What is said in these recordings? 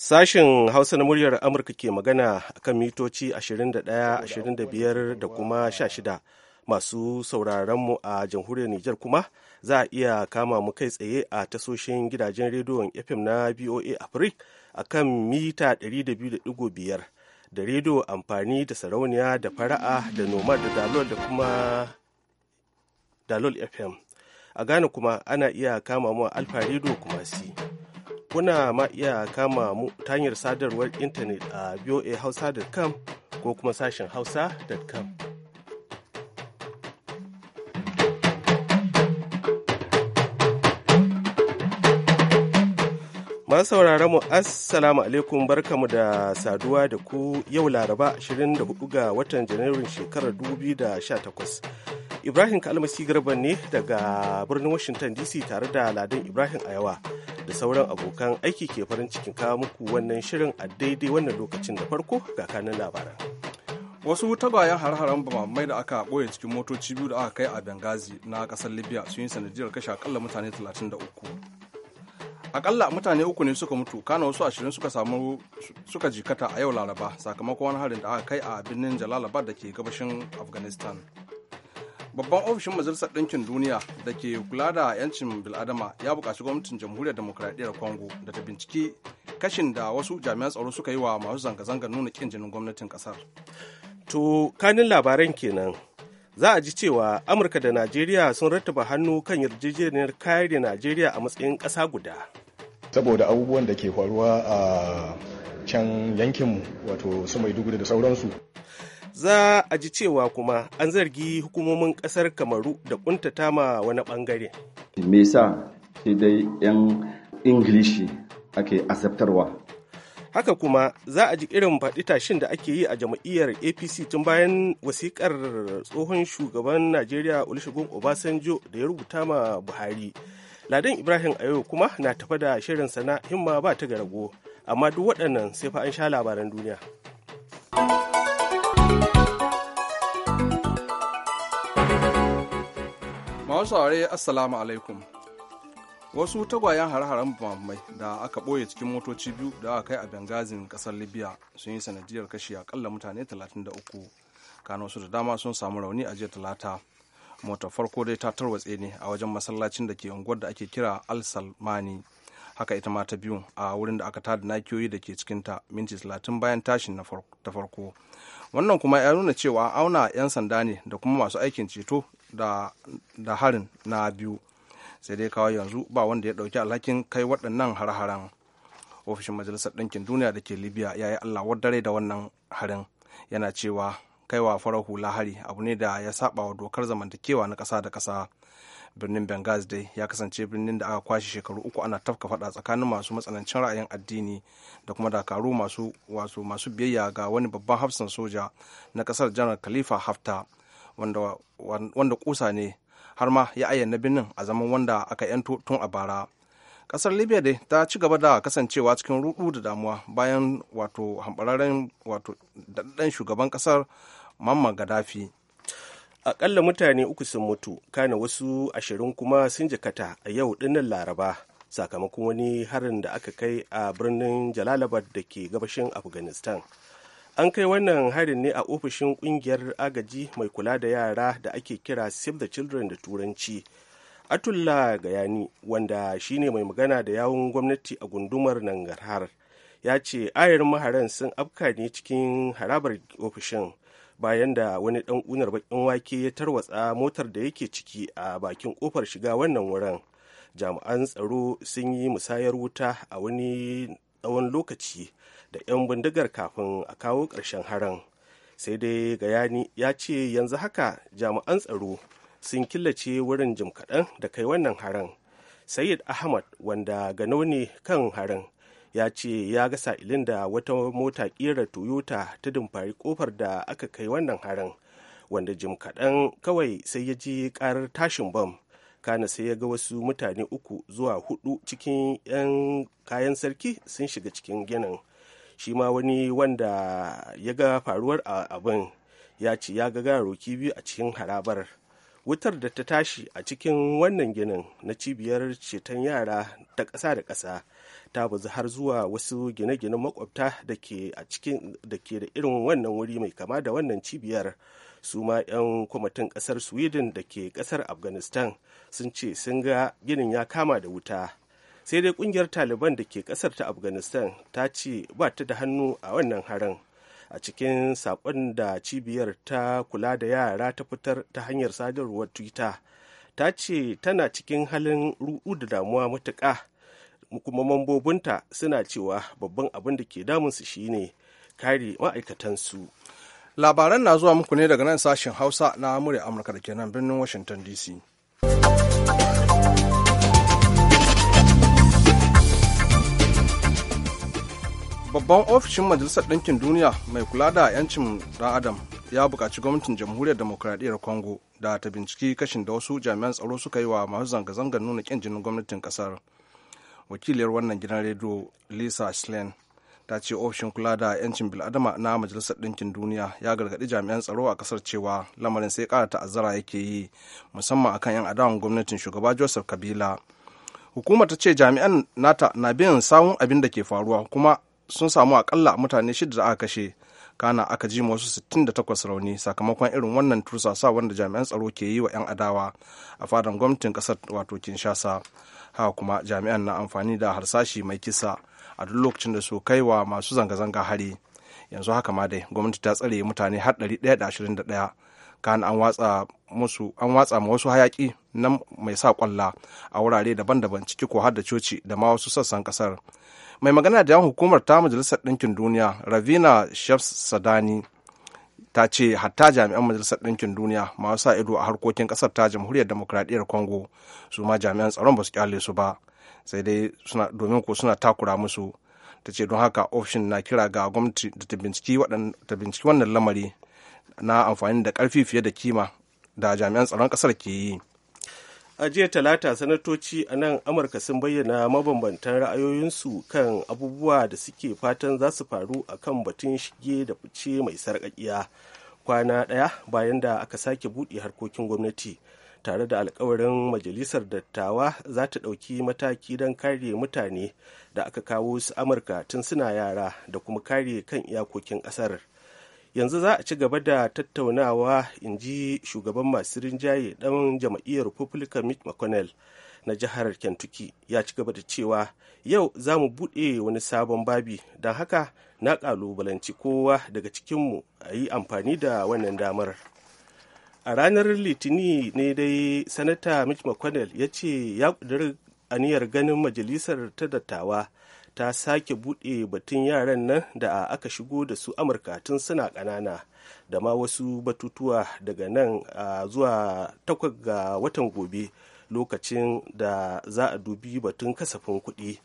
Sashen Hausa na muryar Amurka ke magana kan mitoci 21, 25 da kuma 16 masu sauraronmu a jamhuriyar Nijar kuma za a iya kama mu kai tsaye a tasoshin gidajen rediyon FM na BOA afrik a kan mita 200.5 da rediyo amfani da sarauniya da fara'a da noma da dalol da kuma dalol FM. A Ghana kuma ana iya kama mu a Alfa Radio Kumasi. kuna ma iya kama mu ta hanyar sadarwar intanet a voahausa.com ko kuma sashen hausa.com. Masu sauraron mu assalamu alaikum barkamu da saduwa da ku yau laraba 24 ga watan janairun shekarar 2018. Ibrahim Kalmasi Garba ne daga birnin Washington DC tare da Ladan Ibrahim Ayawa da sauran abokan aiki ke farin cikin kawo muku wannan shirin a daidai wannan lokacin da farko ga kanin labaran. Wasu tagwayen har-haren bamamai da aka ɓoye cikin motoci biyu da aka kai a bengazi na ƙasar Libya sun yi sanadiyar kashe akalla mutane 33. Akalla mutane uku ne suka mutu, kana wasu ashirin suka samu suka jikata a yau Laraba sakamakon harin da aka kai a birnin Jalalabad da ke gabashin Afghanistan. babban ofishin majalisar ɗinkin duniya da ke kula da 'yancin bil'adama ya buƙaci gwamnatin jamhuriyar demokuraɗiyyar congo da ta binciki kashin da wasu jami'an tsaro suka yi wa masu zanga-zangar nuna ƙin jinin gwamnatin ƙasar to kanin labaran kenan za a ji cewa amurka da najeriya sun rattaba hannu kan yarjejeniyar kare najeriya a matsayin ƙasa guda saboda abubuwan da ke faruwa a can yankinmu wato su maiduguri da sauransu za a ji cewa kuma an zargi hukumomin kasar kamaru da kuntata ma wani bangare me yasa sai dai yan ingilishi ake azabtarwa haka kuma za a ji irin faɗi tashin da ake yi a jam'iyyar apc tun bayan wasikar tsohon shugaban najeriya olusegun obasanjo da ya rubuta ma buhari ladan ibrahim ayo kuma na tafa da shirin sana himma ba ta garago amma duk waɗannan sai fa an sha labaran duniya. masu saurare assalamu alaikum wasu tagwayen hare-haren bambamai da aka ɓoye cikin motoci biyu da aka kai a bengazin ƙasar libya sun yi sanadiyar kashe akalla mutane 33 kano su da dama sun samu rauni a jiya talata motar farko dai ta tarwatse ne a wajen masallacin da ke unguwar da ake kira al salmani haka ita ma ta biyu a wurin da aka tada nakiyoyi da ke cikinta minti 30 bayan tashin na ta farko wannan kuma ya nuna cewa auna 'yan sanda ne da kuma masu aikin ceto da harin na biyu sai dai kawo yanzu ba wanda ya dauki alhakin kai waɗannan har-haren ofishin majalisar ɗinkin duniya da ke libya ya yi allah dare da wannan harin yana cewa kaiwa farar hula hari abu ne da ya saba wa dokar zamantakewa na ƙasa da ƙasa birnin benghazi dai ya kasance birnin da aka kwashe shekaru uku ana tafka fada tsakanin masu matsanancin ra'ayin addini da kuma dakaru masu masu biyayya ga wani babban hafsan soja na kasar janar khalifa hafta wanda kusa ne har ma ya ayyana birnin a zaman wanda aka yanto tun a bara kasar libya dai ta ci gaba da kasancewa cikin rudu da damuwa bayan wato hambararren wato daɗaɗɗen shugaban kasar mamman gaddafi akalla mutane uku sun mutu kana wasu ashirin kuma sun jikata a yau dinnan laraba sakamakon wani harin da aka kai a birnin jalalabad da ke gabashin afghanistan an kai wannan harin ne a ofishin kungiyar agaji mai kula da yara da ake kira save the children da turanci atulla gayani wanda shine mai magana da yawun gwamnati a gundumar nangarhar ya ce ayar maharan sun afka ne cikin harabar ofishin bayan da wani dan unar bakin wake ya tarwatsa motar da yake ciki a bakin kofar shiga wannan wurin jami'an tsaro sun yi musayar wuta a wani tsawon lokaci da 'yan bindigar kafin a kawo ƙarshen harin sai dai gayani ya ce yanzu haka jami'an tsaro sun killace wurin jim kaɗan da kai wannan harin sayid ahmad wanda gano ne kan harin ya ce ya ga sa'ilin da wata mota ƙera toyota ta dumfari kofar da aka kai wannan harin wanda jim kaɗan kawai sai ya ji ƙarar tashin bam kana sai ya ga wasu mutane uku zuwa hudu cikin 'yan kayan sarki sun shiga cikin ginin shi ma wani wanda ya ga faruwar abin ya ce ya ga roki biyu a cikin harabar wutar da ta tashi a cikin wannan ginin na cibiyar ceton yara ta ƙasa da ƙasa ta bazu har zuwa wasu gine-ginen makwabta da ke da irin wannan wuri mai kama da wannan cibiyar su ma 'yan kwamitin ƙasar sweden da ke ƙasar afghanistan sun ce sun ga ginin ya kama da wuta sai dai kungiyar taliban da ke kasar ta afghanistan ta ce ba ta da hannu a wannan harin a cikin sakon da cibiyar ta kula da yara ta fitar ta hanyar sadarwar twitter ta ce tana cikin halin ruɗu da damuwa matuƙa kuma mambobinta suna cewa babban abin da ke damunsu shine kare ma'aikatansu labaran na zuwa muku ne daga nan sashen hausa na murya amurka da ke birnin washington dc babban ofishin majalisar ɗinkin duniya mai kula da 'yancin ɗan adam ya buƙaci gwamnatin jamhuriyar demokuraɗiyyar congo da ta binciki kashin da wasu jami'an tsaro suka yi wa masu zanga-zangar nuna ƙin jinin gwamnatin ƙasar wakiliyar wannan gidan rediyo lisa schlein ta ce ofishin kula da 'yancin bil'adama na majalisar ɗinkin duniya ya gargaɗi jami'an tsaro a ƙasar cewa lamarin sai ƙara ta'azzara yake yi musamman akan 'yan adawan gwamnatin shugaba joseph kabila hukumar ta ce jami'an nata na bin sawun abin da ke faruwa kuma sun samu akalla mutane shida da aka kashe kana aka ji wasu 68 rauni sakamakon irin wannan tursasa wanda jami'an tsaro ke yi wa 'yan adawa a fadan gwamnatin kasar wato kinshasa haka kuma jami'an na amfani da harsashi mai kisa a duk lokacin da su kai wa masu zanga-zanga hari yanzu haka ma dai gwamnati ta tsare mutane har 121 kana an watsa musu an watsa ma wasu hayaki na mai sa kwalla a wurare daban-daban ciki ko har da coci da ma wasu sassan kasar mai magana da yan hukumar ta majalisar ɗinkin duniya ravina sadani ta ce hatta jami'an majalisar ɗinkin duniya masu sa ido a harkokin ƙasar ta jamhuriyar demokradiyyar congo su ma jami'an tsaron ba su kyale su ba sai dai domin ko suna takura musu ta ce don haka ofishin na kira ga gwamnati da ta binciki wannan lamari na amfani da ƙarfi fiye da kima da jami'an tsaron kasar ke yi a jiya talata sanatoci a nan amurka sun bayyana mabambantan ra'ayoyinsu kan abubuwa da suke fatan za su faru a kan batun shige da fice mai sarƙaƙiya kwana ɗaya bayan da aka sake buɗe harkokin gwamnati tare da alkawarin majalisar dattawa za ta ɗauki mataki don kare mutane da aka kawo su amurka tun suna yara da kuma kare kan iyakokin ƙasar. yanzu za a ci gaba da tattaunawa in ji shugaban masu rinjaye dan jam'iyyar republican mitt mcconnell na jihar kentucky ya ci gaba da cewa yau za mu buɗe wani sabon babi don haka na ƙalubalanci kowa daga cikinmu a yi amfani da wannan damar a ranar litini ne dai sanata mitch mcconnell ya ce ya ƙudiri aniyar ganin majalisar ta dattawa ta sake buɗe batun yaran nan da aka shigo da su amurka tun suna ƙanana da ma wasu batutuwa daga nan zuwa takwas ga watan gobe lokacin da za a dubi batun kasafin kuɗi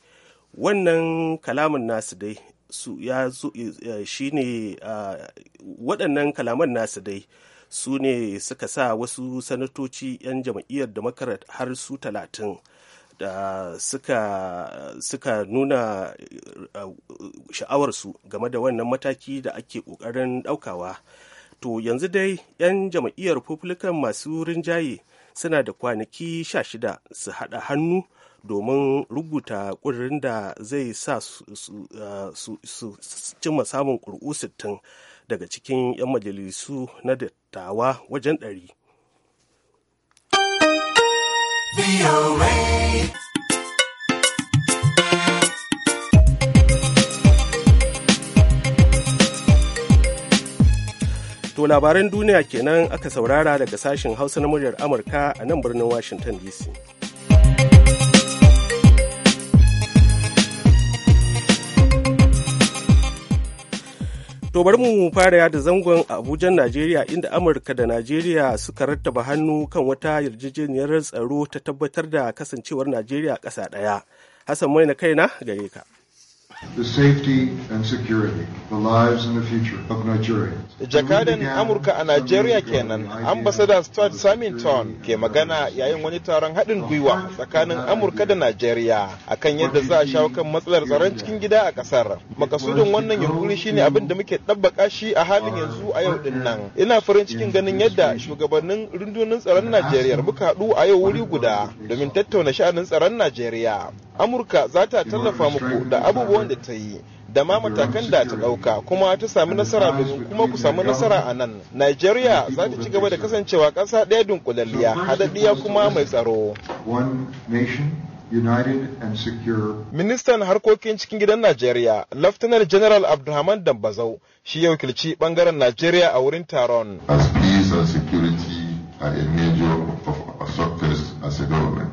wannan kalamin nasu dai su ya shi ne waɗannan kalaman nasu dai su ne suka sa wasu sanatoci 'yan jam'iyyar da har su talatin da suka, suka nuna eh, sha'awarsu game da wannan mataki da ake ƙoƙarin ɗaukawa to yanzu dai 'yan jam'iyyar republican masu rinjaye suna da kwanaki sha shida su haɗa hannu domin rubuta ƙudurin da zai sa su eh, cimma samun ƙuri'u 60 daga cikin 'yan majalisu na dattawa wajen ɗari. To labaran duniya kenan aka saurara daga sashen Hausa na muryar Amurka a nan birnin Washington DC. To bari mu fara yada zangon Abuja Najeriya inda Amurka da Najeriya suka rattaba hannu kan wata yarjejeniyar tsaro ta tabbatar da kasancewar Najeriya ƙasa ɗaya. Hassan na kaina gare ka. Jakadan Amurka a Najeriya kenan, ambasada Stuart Samington ke magana yayin wani taron haɗin gwiwa tsakanin Amurka da Najeriya akan yadda za a shawo kan matsalar tsaron cikin gida a ƙasar. Makasudin wannan yunkuri shine abin da muke ɗabbaka shi a halin yanzu a yau din nan. Ina farin cikin ganin yadda shugabannin rundunar tsaron Najeriya muka haɗu a yau wuri guda domin tattauna sha'anin tsaron Najeriya. Amurka za ta tallafa muku da abubuwan da da ta yi da ma matakan da ta ɗauka kuma ta sami nasara domin kuma ku sami nasara a nan. nigeria za ta ci gaba da kasancewa ƙasa ɗaya dunkulalliya haɗaɗɗiya kuma mai tsaro. Ministan harkokin cikin gidan Najeriya, Laftanar General Abdulrahman Dambazau, shi ya wakilci bangaren Najeriya a wurin taron. As peace a major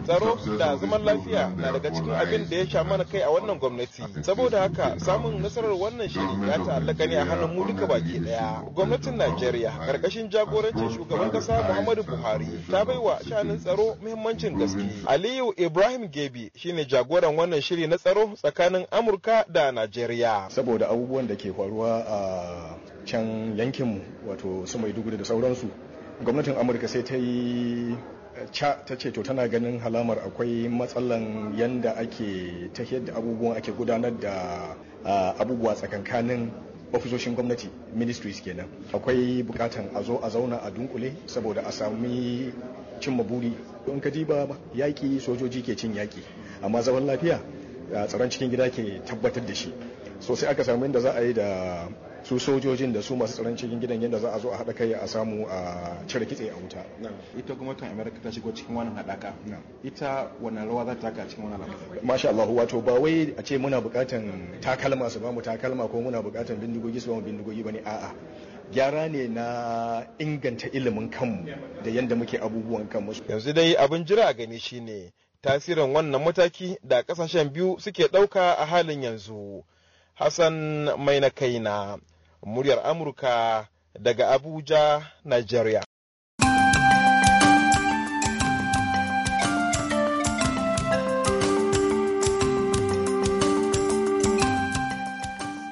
Tsaro da zaman lafiya na daga cikin abin da ya sha mana kai a wannan gwamnati. Saboda haka samun nasarar wannan shiri ya ta'allaka ne a hannun mu duka baki daya. Gwamnatin Najeriya karkashin jagorancin shugaban kasa Muhammadu Buhari ta baiwa shanin tsaro muhimmancin gaske. Aliyu Ibrahim Gebi shine jagoran wannan shiri na tsaro tsakanin Amurka da Najeriya. Saboda abubuwan da ke faruwa a can yankinmu wato su Maiduguri da sauransu gwamnatin amurka sai ta yi ta ce to tana ganin halamar akwai matsalan yadda ake ta da abubuwan ake gudanar da abubuwa tsakankanin ofisoshin gwamnati ministries kenan akwai bukatan a zo a zauna a dunkule saboda a sami cimma buri in ka ba yaƙi sojoji ke cin yaƙi amma zaman lafiya tsaron cikin gida ke tabbatar da shi sosai aka samu inda za a yi da su sojojin da su masu tsaron cikin gidan yadda za a zo a haɗa kai a samu a cire kitse a wuta ita gwamnatin amerika ta shigo cikin wannan haɗaka ita wani rawa za ta taka cikin wannan haɗaka masha Allah wato ba wai a ce muna buƙatan takalma su bamu takalma ko muna buƙatan bindigogi su bamu bindigogi ba ne? a'a gyara ne na inganta ilimin kanmu da yadda muke abubuwan kanmu yanzu dai abin jira a gani shine tasirin wannan mataki da kasashen biyu suke ɗauka a halin yanzu hassan mai na kaina muryar Amurka daga Abuja, Najeriya.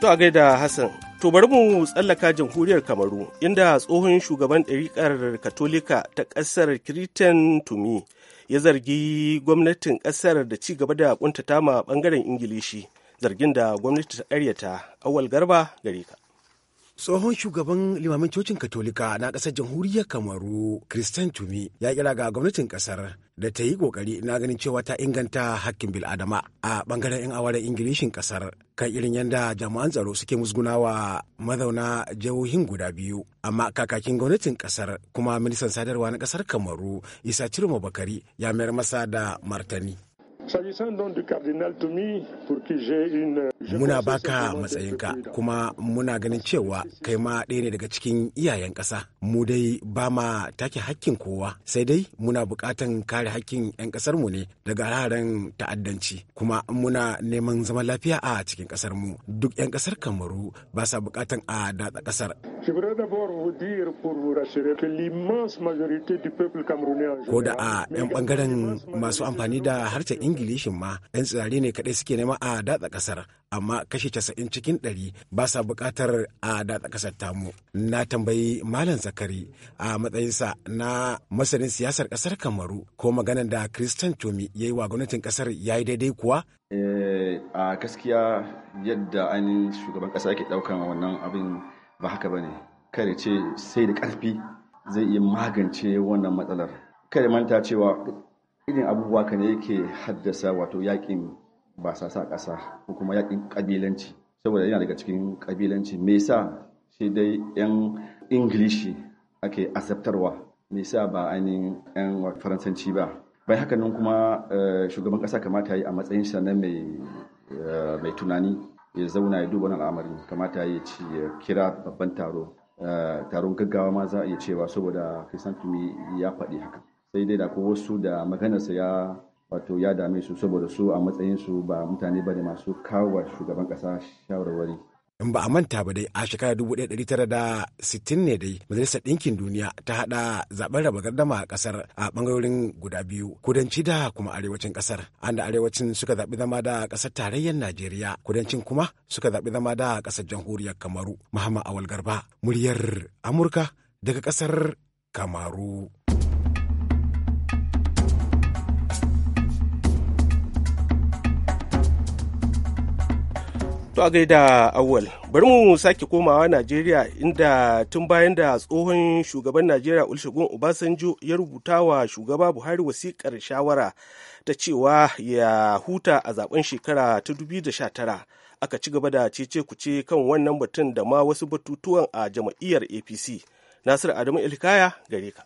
To a gaida Hassan, to bari mu tsallaka jamhuriyar Kamaru inda tsohon shugaban ɗariƙar Katolika ta ƙasar Kiritan Tumi ya zargi gwamnatin ƙasar da ci gaba da ƙuntata ma ɓangaren Ingilishi, zargin da gwamnati ta ƙaryata. Awal Garba gare ka. tsohon shugaban limamin cocin katolika na ƙasar jamhuriyar kamaru christian tumi ya kira ga gwamnatin ƙasar da ta yi ƙoƙari na ganin cewa ta inganta hakkin bil'adama a bangaren 'yan awarin ingilishin ƙasar kan irin yadda jami'an tsaro suke musgunawa mazauna jihohin guda biyu amma kakakin gwamnatin ƙasar kuma ministan sadarwa na ƙasar kamaru isa cirma bakari ya mayar masa da martani Muna baka matsayinka kuma muna ganin cewa kai ma ɗaya ne daga cikin iyayen ƙasa. Mu dai ba ma take hakkin kowa sai dai muna buƙatan kare hakkin 'yan ƙasarmu ne daga hararen ta'addanci kuma muna neman zaman lafiya a cikin ƙasarmu duk 'yan ƙasar kamaru ba sa buƙatan a datsa ƙasar. Ko da a 'yan ɓangaren masu amfani da harshen ingilishin ma 'yan tsirare ne kaɗai suke nema a datsa ƙasar amma kashi casa'in cikin ɗari ba sa buƙatar a datsa ƙasar tamu na tambayi malam zakari a matsayinsa na masanin siyasar ƙasar kamaru ko maganar da kristan tomi ya yi wa gwamnatin ƙasar ya yi daidai kuwa eh, a gaskiya yadda yi shugaban ƙasa yake ɗaukan wannan abin ba haka ba ne kare ce sai da ƙarfi zai iya magance wannan matsalar kare manta cewa irin abubuwa ka ne yake haddasa wato yakin basasa ƙasa ko kuma yakin ƙabilanci saboda yana daga cikin ƙabilanci me yasa shi dai yan ingilishi ake asabtarwa? me yasa ba ainihin yan faransanci ba bai haka nan kuma eh, shugaban ƙasa kamata yi a matsayin sa na eh, mai tunani ya zauna ya duba wannan al'amarin kamata ya ci kira babban taro eh, taron gaggawa ma za a iya cewa saboda krisantumi ya faɗi haka sai dai da ko wasu da maganarsa ya wato ya dame su saboda su a matsayin su ba mutane ba ne masu kawo shugaban kasa shawarwari. in ba a manta ba dai a shekara 1960 ne dai majalisar ɗinkin duniya ta haɗa zaben raba gardama a kasar a bangarorin guda biyu kudanci da kuma arewacin ƙasar an da arewacin suka zaɓi zama da kasar tarayyar najeriya kudancin kuma suka zaɓi zama da kasar jamhuriyar kamaru muhammad awal garba muryar amurka daga ƙasar kamaru. To a gaida awal bari mu sake komawa Najeriya inda tun bayan da tsohon shugaban Najeriya Olusegun Obasanjo ya rubuta wa shugaba Buhari wasikar shawara ta cewa ya huta a zaben shekara ta 2019 aka ci gaba da cece kuce kan wannan batun da ma wasu batutuwan a jam'iyyar APC. Nasiru Adamu Ilkaya gare ka.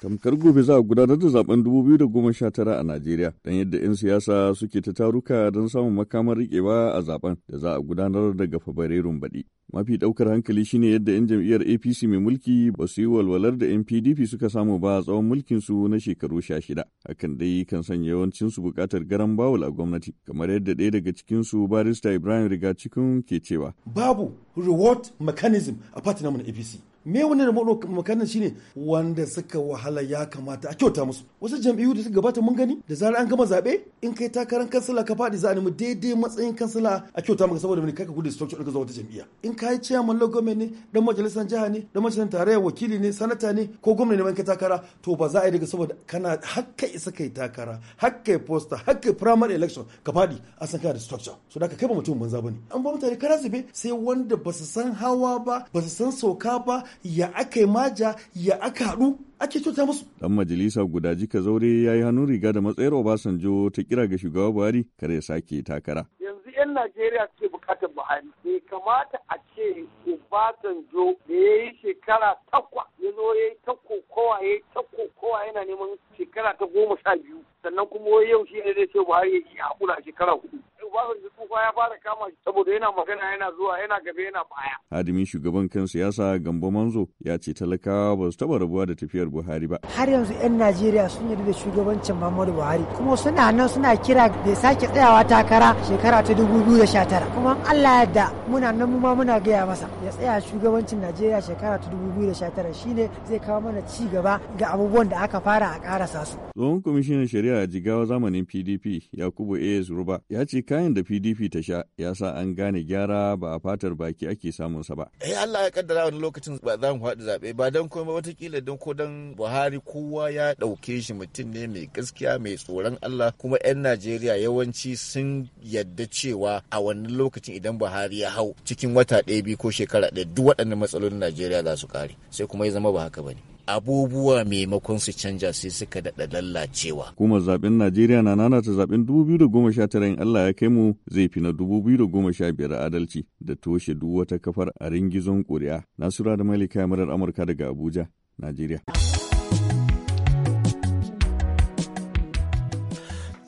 tamkar gobe za a gudanar da zaben 2019 a Najeriya don yadda 'yan siyasa suke ta taruka don samun makamar rikewa a zaben da za a gudanar daga Fabrairun baɗi. Mafi ɗaukar hankali shine yadda 'yan jam'iyyar APC mai mulki ba su yi walwalar da 'yan PDP suka samu ba a tsawon su na shekaru sha shida. Hakan dai kan sanya su bukatar garan bawul a gwamnati, kamar yadda ɗaya daga cikin su barista Ibrahim Rigacikun ke cewa. Babu reward mechanism a partner na APC. me wannan makarantar shine wanda suka wahala ya kamata a kyauta musu wasu jam'iyyu da suka gabata mun gani da zarar an gama zabe in kai takarar kansila ka fadi za a nemi daidai matsayin kansila a kyauta maka saboda mene ka gudu structure ɗin ka zuwa wata jam'iyya in ka yi chairman na government ne dan majalisar jiha ne dan majalisar tarayya wakili ne sanata ne ko gwamna ne in ka takara to ba za a yi daga saboda kana hakka isa kai takara hakka poster hakka primary election ka faɗi a san da structure so da ka kai ba mutum banza bane an ba mutane kara sai wanda ba su san hawa ba ba su san soka ba ya aka yi maja ya aka haɗu ake kyauta musu. Dan majalisa guda jika zaure ya yi hannun riga da matsayar Obasanjo ta kira ga shugaba Buhari kare sake takara. Yanzu 'yan Najeriya suke bukatar Buhari. Bai kamata a ce Obasanjo da ya yi shekara takwas ya zo ya yi ta kokowa ya yi ta kokowa yana neman shekara ta goma sha biyu sannan kuma yau shi ne zai ce buhari ya yi hakura shekara hudu Obasanjo tsufa ya fara kama shi saboda yana magana yana zuwa yana gaba yana baya. Hadimin shugaban kan siyasa Gambo Manzo ya ce talakawa ba su taba rabuwa da tafiyar Buhari ba. Har yanzu 'yan Najeriya sun yarda da shugabancin Muhammadu Buhari kuma suna nan suna kira da sake tsayawa takara shekara ta dubu biyu da sha tara kuma Allah ya da muna nan mu ma muna gaya masa ya tsaya shugabancin Najeriya shekara ta dubu biyu da sha tara shi ne zai kawo mana ci gaba ga abubuwan da aka fara a karasa su. Tsohon kwamishinan shari'a a jigawa zamanin PDP Yakubu AS Ruba ya ce kayan da PDP ta sha ya sa an gane gyara ba a fatar baki ake samun sa ba. Eh Allah ya kaddara wani lokacin ba za mu haɗu zaɓe ba dan kuma watakila don ko don Buhari kowa ya ɗauke shi mutum ne mai gaskiya mai tsoron Allah kuma 'yan Najeriya yawanci sun yadda cewa a wani lokacin idan Buhari ya hau cikin wata ɗaya biyu ko shekara ɗaya duk waɗannan matsalolin Najeriya za su kare sai kuma ya zama zama ba haka bane abubuwa maimakon su canja sai suka daɗa lallacewa. kuma zaben Najeriya na nana ta zaben 2019 in Allah ya kai mu zai fi na 2015 adalci da toshe duk wata kafar a ringizon ƙuri'a. Nasura da Malika Murar Amurka daga Abuja, Najeriya.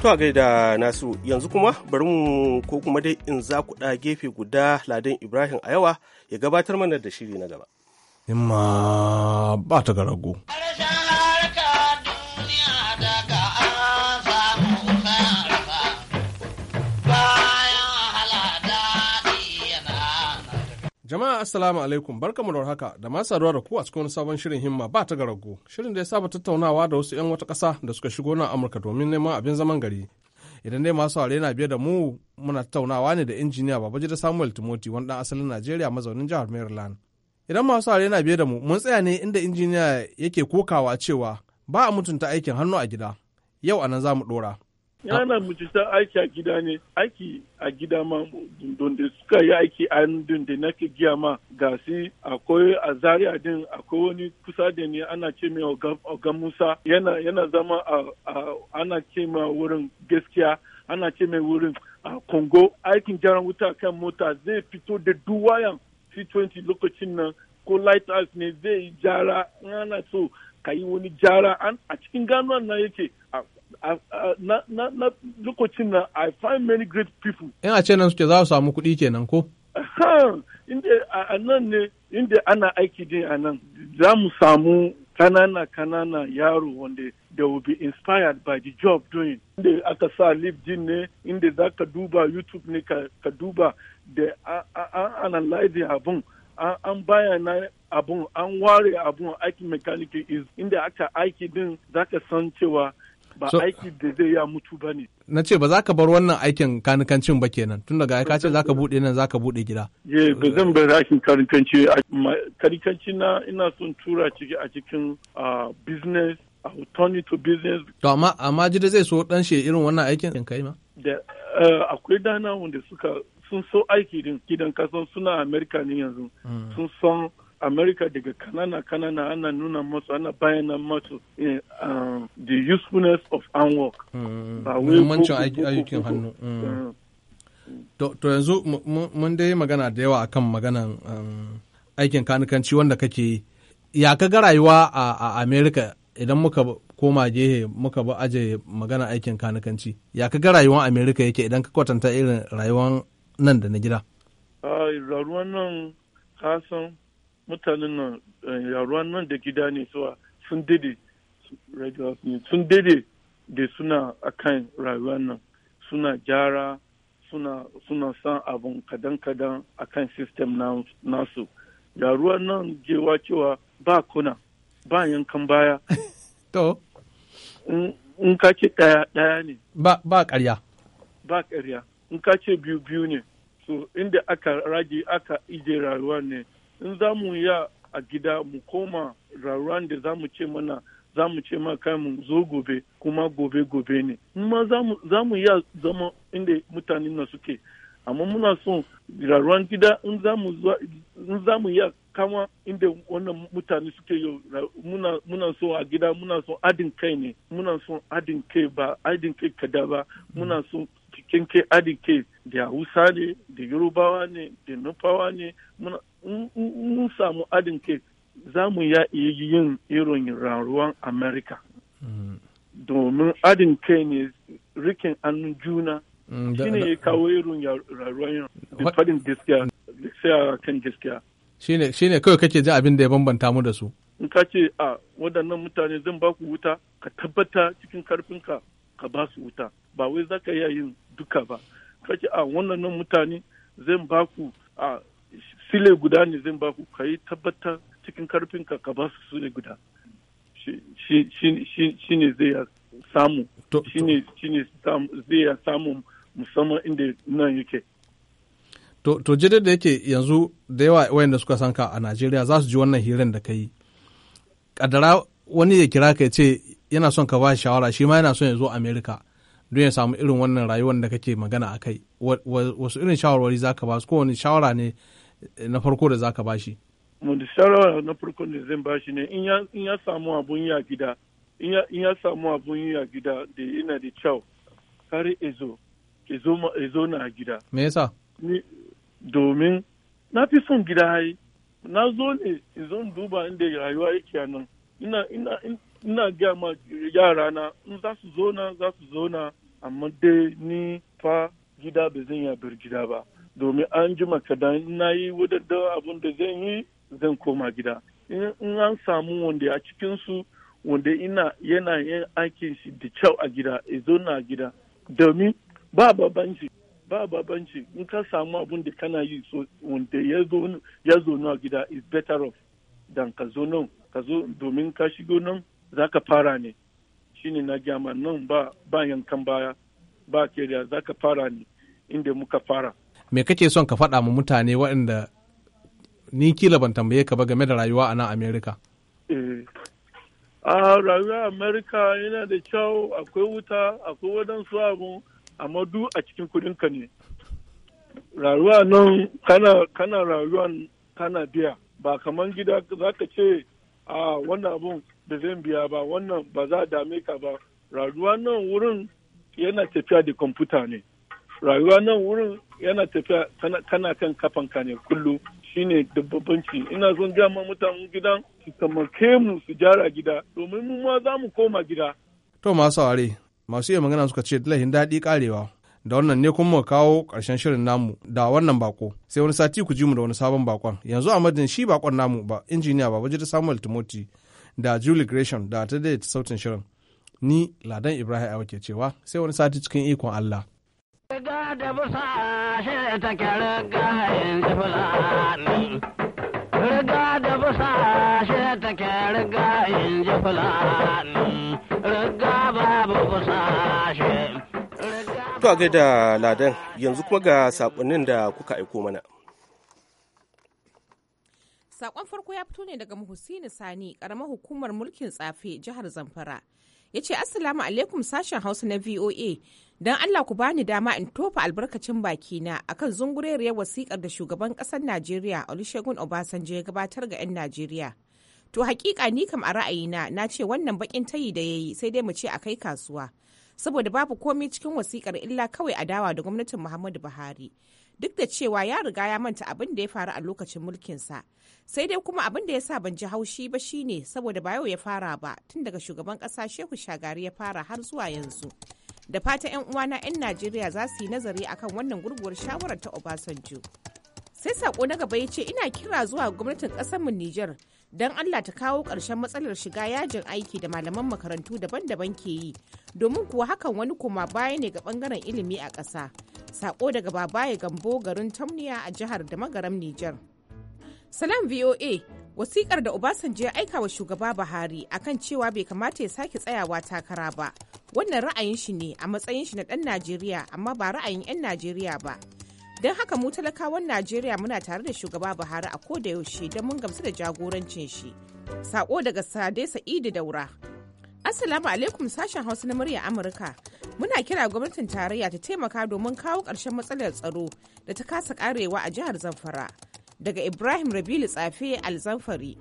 To a gaida nasu yanzu kuma bari mu ko kuma dai in za ku ɗa gefe guda Ladan Ibrahim a yawa ya gabatar mana da shiri na gaba. himma ba ta ga Jama'a Assalamu alaikum barkamu da haka da masu saduwa da ku a cikin wani sabon shirin himma ba ta garago shirin da ya saba tattaunawa da wasu 'yan wata ƙasa da suka shigo nan Amurka domin neman abin zaman gari. Idan dai masu aure na biye da mu muna tattaunawa ne da injiniya Babaji da Samuel Timoti wani ɗan asalin Najeriya mazaunin jihar Maryland. Idan masu are yana biye da mu, mun tsaya ne inda injiniya yake kokawa cewa ba a mutunta aikin hannu a gida. Yau anan za mu ɗora. Yana mutunta aiki a gida ne, aiki a gida ma donde suka yi aiki a na ke giya ma gasi akwai a zaria din akwai wani kusa da ne ana ce mai oga musa yana zama a ana ce mai wurin gaskiya ana ce mai wurin kongo aikin jaran wuta kan mota zai fito da duwayan T20 lokacin nan ko Lighthouse ne zai yi jara in ana so ka yi wani jara a cikin ganuwan nan yake na lokacin nan I find many great people. In a ce nan suke za su samu kuɗi kenan ko? Inda a nan ne inda ana aiki din a nan za mu samu kanana kanana yaro wanda they will be inspired by the job doing inda aka sa live din ne inda za ka duba youtube ne ka duba da an analyze abun an bayana abun an ware abun aikin mekaniki is inda aka aiki din zaka san cewa ba aiki da zai ya mutu ba ne. Na ce ba za ka bar wannan aikin kanikancin ba kenan tun daga ka ce za ka buɗe nan za ka buɗe gida. Ye eh, ba zan bar aikin kanikanci kanikanci na ina son tura ciki a cikin business a turn to business. To amma amma jida zai so dan shi irin wannan aikin kai ma. Da eh, akwai dana wanda suka sun so aiki din gidan kasan suna amerika ne yanzu mm. sun son america daga kanana kanana ana nuna masu ana bayyana masu eh, um, the usefulness of handwork mm, mm, ba ayyukan hannu eh. to yanzu mun dai magana da yawa akan maganan um, aikin kanikanci wanda kake yi ya ka ga rayuwa a america idan muka koma gehe muka ba aje magana aikin kanikanci ya ka ga rayuwar america yake idan ka kwatanta irin rayuwar nan da na gida? Yaruwan nan kasan mutanen nan eh, yaruwan nan da gida ne suwa sun dade sun dade da suna akan rayuwan nan suna gyara suna suna san abun kadan-kadan akan system nasu yaruwan nan jewa cewa ba kuna ba yankan baya to in ka ce daya ne ba ƙarya ba ƙarya in ka biyu biyu ne so inda aka rage aka ije rayuwa ne in za mu ya a gida mu koma rayuwan da za mu ce mana za mu ce ma kai mu zo gobe kuma gobe gobe ne ma za mu ya zama inda mutane na suke amma muna so rayuwan gida in za mu ya kama inda wannan mutane suke yau muna, muna so a gida muna so adin kai ne muna so adin kai ba adin kai kada ba muna so kin ke adike da Hausa ne da Yorubawa ne da Nufawa ne mun samu ke. za mu ya iya yin irin raruwan Amerika. Mm. Domin adin kai ne rikin annun juna mm, shine ya kawo irin rarruwan da faɗin gaskiya da saya kan gaskiya. Shi ne, kawai kake ji abin da ya bambanta mu da su. in ka ce a waɗannan mutane zan baku wuta ka tabbata cikin karfinka ka ba su wuta ba wai za ka iya yin duka ba ka ce a wannan mutane zan ba ku a sile guda ne zan ba ku ka yi tabbatar cikin karfin ka ka ba su sile guda shi ne zai samu shi ne zai samu musamman inda nan yake to, jidar da yake yanzu da yawa wayanda suka sanka a najeriya za su ji wannan hirar da ka yi kadara wani ya kira ka ce yana son ka ba shi shawara shi ma yana son ya zo america don ya samu irin wannan rayuwar da kake magana a kai wasu irin shawarwari za ka ba su kowane shawara ne eh, na farko da za ka ba shi shawara na farko da zan ba shi ne in ya samu abun yi a gida in ya samu abun yi a gida da yana da kyau kare ezo ezo na gida me yasa domin na fi son gida hai na zo ne in zo duba inda rayuwa yake a nan ina ina ina gaya ma yara na in za su zo na za su zo na amma dai ni fa gida ba zan iya bar gida ba domin an jima kadan na yi wadadda abin da zan yi zan koma gida in an samu wanda a cikinsu wanda ina yana yin aikin shi da kyau a gida e zo na gida domin ba babanci ba babanci in ka samu abin da kana yi so wanda ya zo na gida is better off dan ka zo nan ka zo domin ka shigo nan za ka fara ne ne na gyama nan ba ba yankan baya ba keriya za ka fara ne inda muka fara me kake son ka faɗa ma mutane waɗanda ni kila ban tambaye ka ba game da rayuwa a nan america eh, a rayuwa america yana da kyau akwai wuta akwai waɗansu abu amma du a cikin kudinka ne rayuwa nan kana kana rayuwa kana biya ba kamar gida za ka ce a ah, wannan abun da zan biya ba wannan ba za a dame ka ba rayuwa nan wurin yana tafiya da kwamfuta ne rayuwa nan wurin yana tafiya kana kan kafanka ne kullum shine dabbabanci ina son gama mutanen gida su tamake mu su jara gida domin mu ma za mu koma gida. To masu aure masu iya magana suka ce lahin daɗi karewa da wannan ne kuma kawo ƙarshen shirin namu da wannan bako sai wani sati ku ji mu da wani sabon bakon yanzu a madin shi bakon namu ba injiniya ba wajen samuel timoti da Julie Gresham da ta daidaita sautin shirin. Ni Ladan Ibrahim Awa ke cewa sai wani sati cikin ikon Allah. Riga da busa shi ta riga yin fulani. Riga da busa shi riga yin fulani. Riga babu busa shi. To a gaida Ladan yanzu kuma ga saƙonnin da kuka aiko mana. Sakon farko ya fito ne daga Muhusini Sani, karamar hukumar mulkin tsafe jihar Zamfara. Ya ce Assalamu alaikum sashen Hausa na VOA. Don Allah ku bani dama in tofa albarkacin bakina akan zungureriyar wasiƙar da shugaban ƙasar Najeriya Olusegun Obasanjo ya gabatar ga 'yan Najeriya. To hakika ni kam a ra'ayina na ce wannan bakin tayi da yayi sai dai mu ce a kai kasuwa. Saboda babu komai cikin wasikar illa kawai adawa da gwamnatin Muhammadu Buhari. duk da cewa ya riga ya manta abin da ya faru a lokacin mulkinsa sai dai kuma abin da ya sa ban ji haushi ba shine saboda ba yau ya fara ba tun daga shugaban kasa shehu shagari ya fara har zuwa yanzu da fata 'yan uwana 'yan najeriya za su yi nazari akan wannan gurguwar shawarar ta obasanjo sai sako na gaba ya ce ina kira zuwa gwamnatin mu Nijar don Allah ta kawo ƙarshen matsalar shiga yajin aiki da malaman makarantu daban-daban ke yi domin kuwa hakan wani koma baya ne ga ɓangaren ilimi a ƙasa Sako daga babaye gambo garin Tamniya a jihar da magaram Nijar. Salam VOA wasikar da Obasanjo ya aika wa shugaba Buhari akan cewa bai kamata ya sake tsayawa takara ba. Wannan ra'ayin shi ne a matsayin shi na ɗan Najeriya amma ba ra'ayin 'yan Najeriya ba. Don haka mu talakawan Najeriya muna tare da shugaba Buhari a koda yaushe don mun gamsu da jagorancin shi. Sako daga Sade Sa'idu Daura. Assalamu alaikum sashen Hausa na murya Amurka. muna kira gwamnatin tarayya ta taimaka domin kawo ƙarshen matsalar tsaro da ta kasa karewa a jihar zamfara daga ibrahim rabilu tsafe alzamfari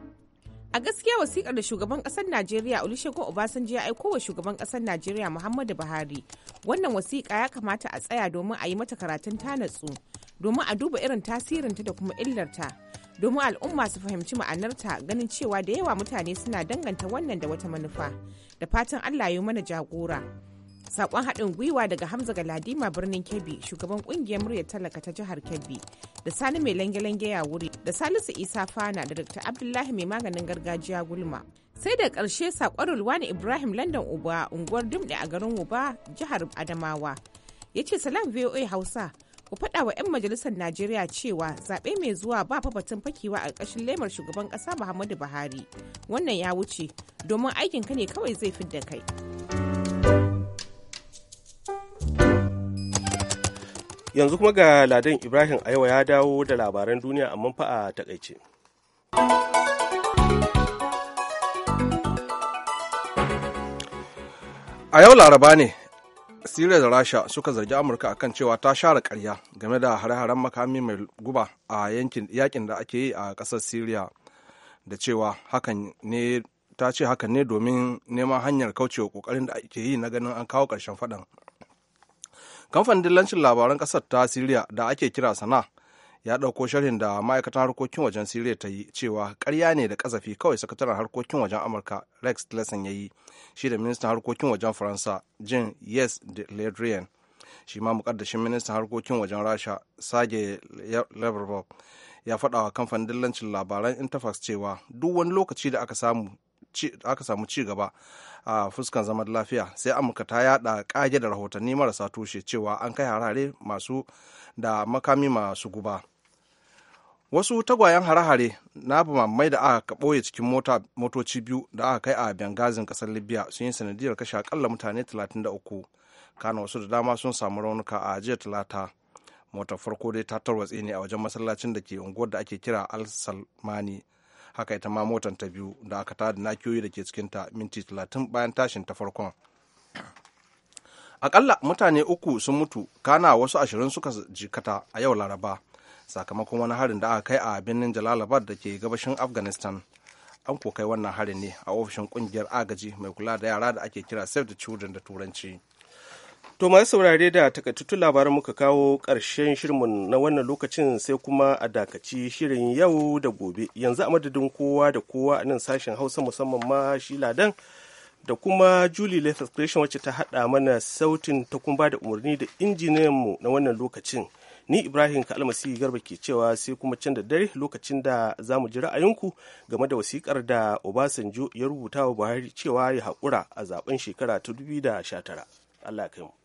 a gaskiya wasikar da shugaban ƙasar najeriya olusegun obasanjo ya aiko wa shugaban ƙasar najeriya muhammadu buhari wannan wasiƙa ya kamata a tsaya domin a yi mata karatun ta natsu domin a duba irin tasirinta da kuma illarta domin al'umma su fahimci ma'anarta ganin cewa da yawa mutane suna danganta wannan da wata manufa da fatan allah ya mana jagora sakon haɗin gwiwa daga hamza galadima birnin kebbi shugaban ƙungiyar muryar talaka ta jihar kebbi da sani mai lange ya wuri da salisu isa fana da dr abdullahi mai maganin gargajiya gulma sai da ƙarshe sakon rulwani ibrahim landan uba unguwar dumɗe a garin uba jihar adamawa ya ce salam voa hausa ku faɗa wa 'yan majalisar najeriya cewa zaɓe mai zuwa ba fa batun fakewa a ƙarshen lemar shugaban ƙasa muhammadu buhari wannan ya wuce domin aikin ka ne kawai zai fidda kai. yanzu kuma ga ladan ibrahim a yau ya dawo da labaran duniya amma fa a takaice a yau laraba ne siriya da rasha suka zargi amurka akan cewa ta share karya game da hare-haren makami mai guba a yankin yakin da ake yi a kasar siriya da cewa hakan ne ta ce hakan ne domin neman hanyar kaucewa kokarin da ake yi na ganin an kawo karshen faɗan kamfanin dillancin labaran kasar ta siriya da ake kira sana ya ɗauko sharhin da ma'aikatan harkokin wajen siriya ta yi cewa karya ne da kasafi kawai sakataren harkokin wajen amurka rex tillerson ya yi shi da ministan harkokin wajen faransa jean yes de ledrian shi ma mukaddashin ministan harkokin wajen rasha sage lebrov ya faɗa wa kamfanin dillancin labaran interfax cewa duk wani lokaci da aka samu aka samu ci gaba a fuskan zaman lafiya sai amurka ta yada kage da rahotanni marasa tushe cewa an kai harare masu da makami masu guba wasu tagwayen hare-hare na mai da aka ɓoye cikin motoci biyu da aka kai a bengazin kasar libya sun yi sanadiyar kashe akalla mutane 33 kana wasu da dama sun samu raunuka a jiya talata motar farko dai ta tarwatse ne a wajen masallacin da ke unguwar da ake kira al salmani haka ita ma motan ta biyu da aka tada nakiyoyi da ke cikinta minti talatin bayan tashin ta farkon akalla mutane uku sun mutu kana wasu ashirin suka jikata a yau laraba sakamakon wani harin da aka kai a birnin jalalabad da ke gabashin afghanistan an kokai wannan harin ne a ofishin kungiyar agaji mai kula da yara da ake kira save the children da turanci To masu saurare da takaitattun labaran muka kawo ƙarshen shirinmu na wannan lokacin sai kuma a dakaci shirin yau da gobe. Yanzu a madadin kowa da kowa a nan sashen Hausa musamman ma shi ladan da kuma Julie Lethal Creation wacce ta haɗa mana sautin ta kuma da umarni da mu na wannan lokacin. Ni Ibrahim ka almasi Garba ke cewa sai kuma can da dare lokacin da za mu ji ra'ayinku game da wasikar da Obasanjo ya rubuta wa Buhari cewa ya hakura a zaben shekara ta 2019. Allah ya kai mu.